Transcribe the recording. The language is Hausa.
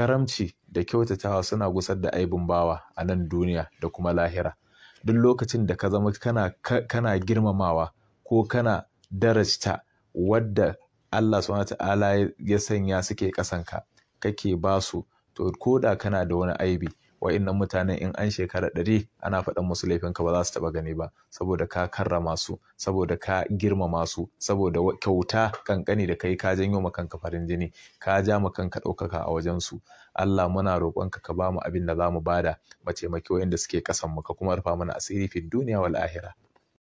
Karamci da kyautatawa suna gusar da aibin bawa a nan duniya da kuma lahira. Duk lokacin da ka zama kana, kana girmamawa ko kana darajta wadda Allah subhanahu ta'ala ya sanya suke ƙasanka, kake basu su, to ko da kana da wani aibi, wa'innan mutanen in an shekara ɗari ana faɗan musu laifinka ba za su taɓa gani ba saboda ka karrama su saboda ka girmama su saboda kyauta ƙanƙani da kai ka janyo ma kanka farin jini ka ja ma kanka ɗaukaka a wajen su Allah muna roƙonka ka ba mu abin da za mu bada mataimaki maki suke ƙasan mu ka kuma rufa mana asiri fi duniya wal ahira